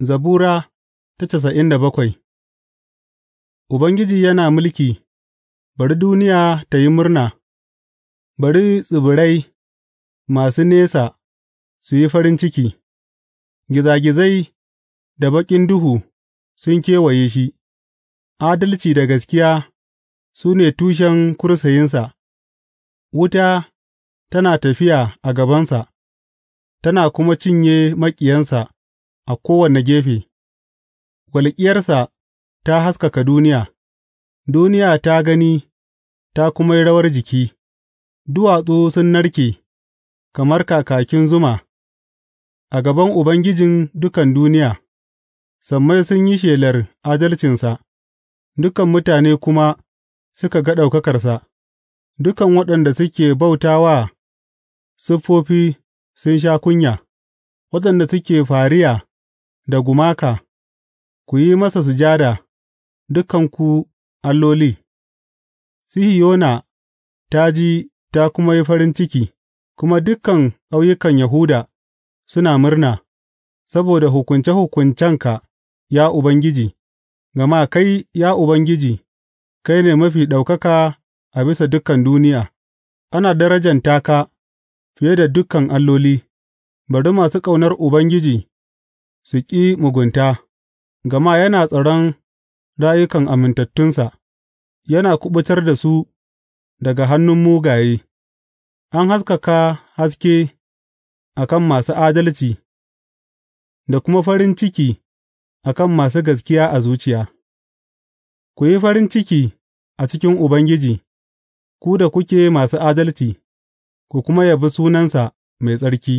Zabura ta casa'in da bakwai Ubangiji yana mulki, bari duniya ta yi murna, bari tsibirai masu nesa su yi farin ciki; gizagizai da baƙin duhu sun kewaye shi, adalci da gaskiya su ne tushen kursayinsa. wuta tana tafiya a gabansa, tana kuma cinye maƙiyansa. a kowane gefe; walƙiyarsa ta haskaka duniya, duniya ta gani ta kuma yi rawar jiki, duwatsu sun narke kamar kakakin zuma a gaban Ubangijin dukan duniya; sammai sun yi shelar adalcinsa dukan mutane kuma suka ga ɗaukakarsa; dukan waɗanda suke bauta wa siffofi sun sha kunya, waɗanda suke fariya. da gumaka, ku yi masa sujada, dukanku alloli; Sihiyona ta ji ta kuma yi farin ciki, kuma dukan ƙauyukan Yahuda suna murna saboda hukunce hukuncenka, ya Ubangiji, gama kai, ya Ubangiji, kai ne mafi ɗaukaka a bisa dukan duniya; ana darajanta ka fiye da dukan alloli, bari masu ƙaunar Ubangiji. su ƙi mugunta, gama yana tsaron rayukan amintattunsa yana kuɓutar da su daga hannun mugaye; an haskaka haske a kan masu adalci da kuma farin ciki a kan masu gaskiya a zuciya. Ku yi farin ciki a cikin Ubangiji, ku da kuke masu adalci, ku kuma yabi sunansa mai tsarki.